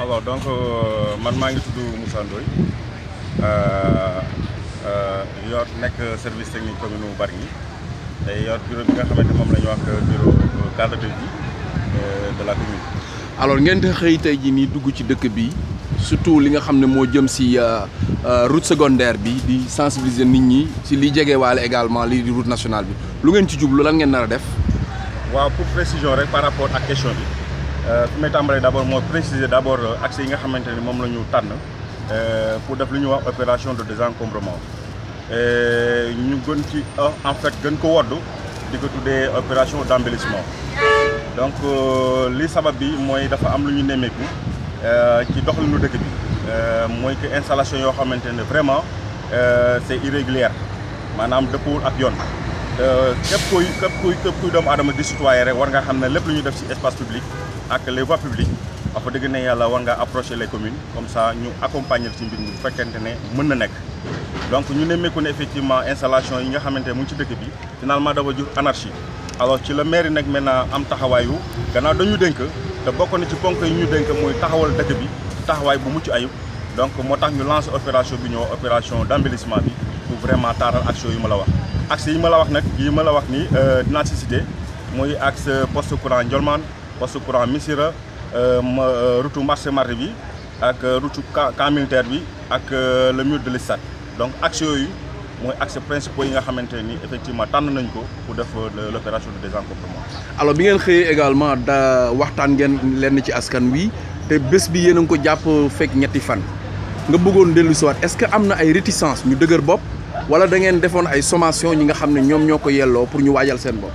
alors donc euh, man maa ngi tudd Moussa Ndoye euh, euh, yor nekk service technique commune bu Bargny tey yor bureau bi nga xamante moom la ñu wax bureau cadre de vie de la commune. alors ngeen di xëy tey jii nii dugg ci dëkk bi surtout li nga xam ne moo jëm si route secondaire bi di sensibiliser nit ñi si li jegewaale également lii di route nationale bi lu ngeen ci jublu lan ngeen nar def. waaw pour précision rek par rapport ak question bi. Euh, fi may tàmbalee d' abord mooy préciser d' abord accès yi nga xamante ni moom la ñu tànn euh, pour def lu ñuy wax opération de désencombrement euh, ñu gën ci en fait gën ko wodd di ko tuddee opération d' embellissement donc li sabab bi mooy dafa am lu ñu nemmeeku ci doxalinu dëkk bi mooy que installation yoo xamante ne vraiment c' est irrégulière maanaam dëppwul ak yoon képp kuy képp kuy képp kuy doomu aadama di citoyen rek war nga xam ne lépp lu ñu def ci espace public ak les voies publiques wax dëgg ne yàlla war nga approcher les communes comme ça ñu accompagner ci mbir mi bu fekkente ne mën donc ñu nemmeeku ne effectivement installation yi nga xamante ne mu ngi ci dëkk bi finalement dafa jur anarchie alors ci le maire nag maintenant am taxawaayu gannaaw dañu dénk te bokk na ci ponk yi ñu dénk mooy taxawal dëkk bi taxawaay bu mucc ayib donc moo tax ñu lance opération bi opération d' bi pour vraiment taaral action yi ma la wax. axe yi ma wax nag yi ma wax ni euh, dinaa ci cité muy axe poste courant Ndiolmane poste courant Missira euh, euh, route marché mardi bi ak euh, route camp militaire bi ak le mur de l'Estade donc axe yooyu mooy axe principaux yi nga xamanteni effectivement tan nañ ko pour def l'opération de désencombrement alors bi ngeen xëyee également da waxtan ngeen lenn ci askan wi te bés bi yéen ko japp fek ñetti fan nga bëggoon dellu ci wat est-ce que amna ay réticence ñu dëgeur bop wala da ngeen defoon ay sommation yi nga xam ñom ñoko ñoo pour ñu wajal seen bopp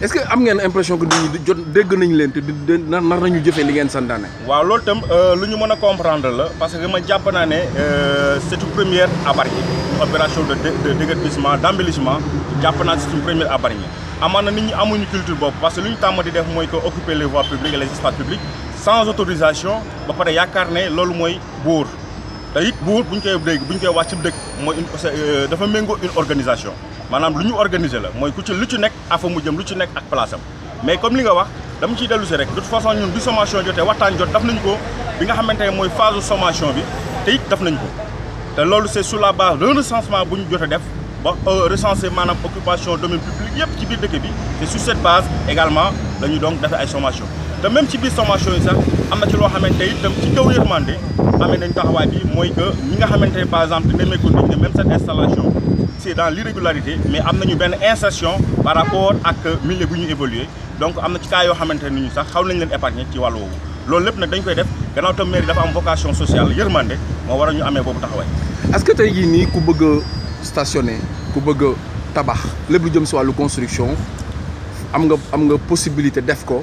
est-ce que am ngeen impression que duñu jot dégg nañu leen te nar nañu jëfee li ngeen santaane. waaw loolu tam euh, lu ñu mën a comprendre la parce que ma jàpp naa ne euh, c'est une première à opération de de déguerpissement d'embellissement jàpp naa c'est une première à Bargny amaana nit ñi amuñu culture boobu parce que lu ñu tàmm di def mooy que occuper les voies publiques et les espaces publics sans autorisation ba pare yaakaar ne loolu mooy buur te it buur bu ñu koy dégg bu ñu koy wax ci dëkk mooy une euh, dafa méngoo une organisation. Nous nous organiser la moy ku ci lu ci afa place mais comme li nga wax dama ci rek de toute façon ñun du sommation Nous waxtaan jot daf nañ ko bi nga phase sommation bi té it ko c'est sur la base du recensement buñu joté def ba euh, recenser manam occupation domaine public yépp ci biir dëkk sur cette base également nous donc sommation te même ci biir sommation ça, sax am na ci loo xamante itam ci kaw yërmande amé nañ taxaway bi moy que ñi nga xamante par exemple même nañ ne même cette installation c'est dans l'irrégularité mais amna ñu ben insertion par rapport ak milieu bu ñu évoluer donc amna ci cas yo xamante ñu sax xaw nañ leen épargner ci wàllu woowu loolu lépp nag dañ koy def gannaaw tam mairie dafa am vocation sociale yërmande mo war ñu amé bobu taxaway est-ce que tey jii nii ku bëgg stationner ku bëgg tabax lepp lu jëm ci wàllu construction am nga am nga possibilité def ko.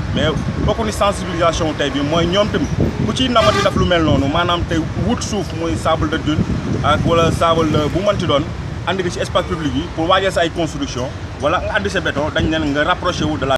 mais bokk ni sensibilisation tey bi mooy ñoom tamit ku ciy namati daf lu mel noonu maanaam tey wut souf muy sable de dune ak wala sable bu mënti doon andi ko ci espace public yi pour waajal sa ay construction wala nga andi ces béton dañ leen nga rapproché wu de la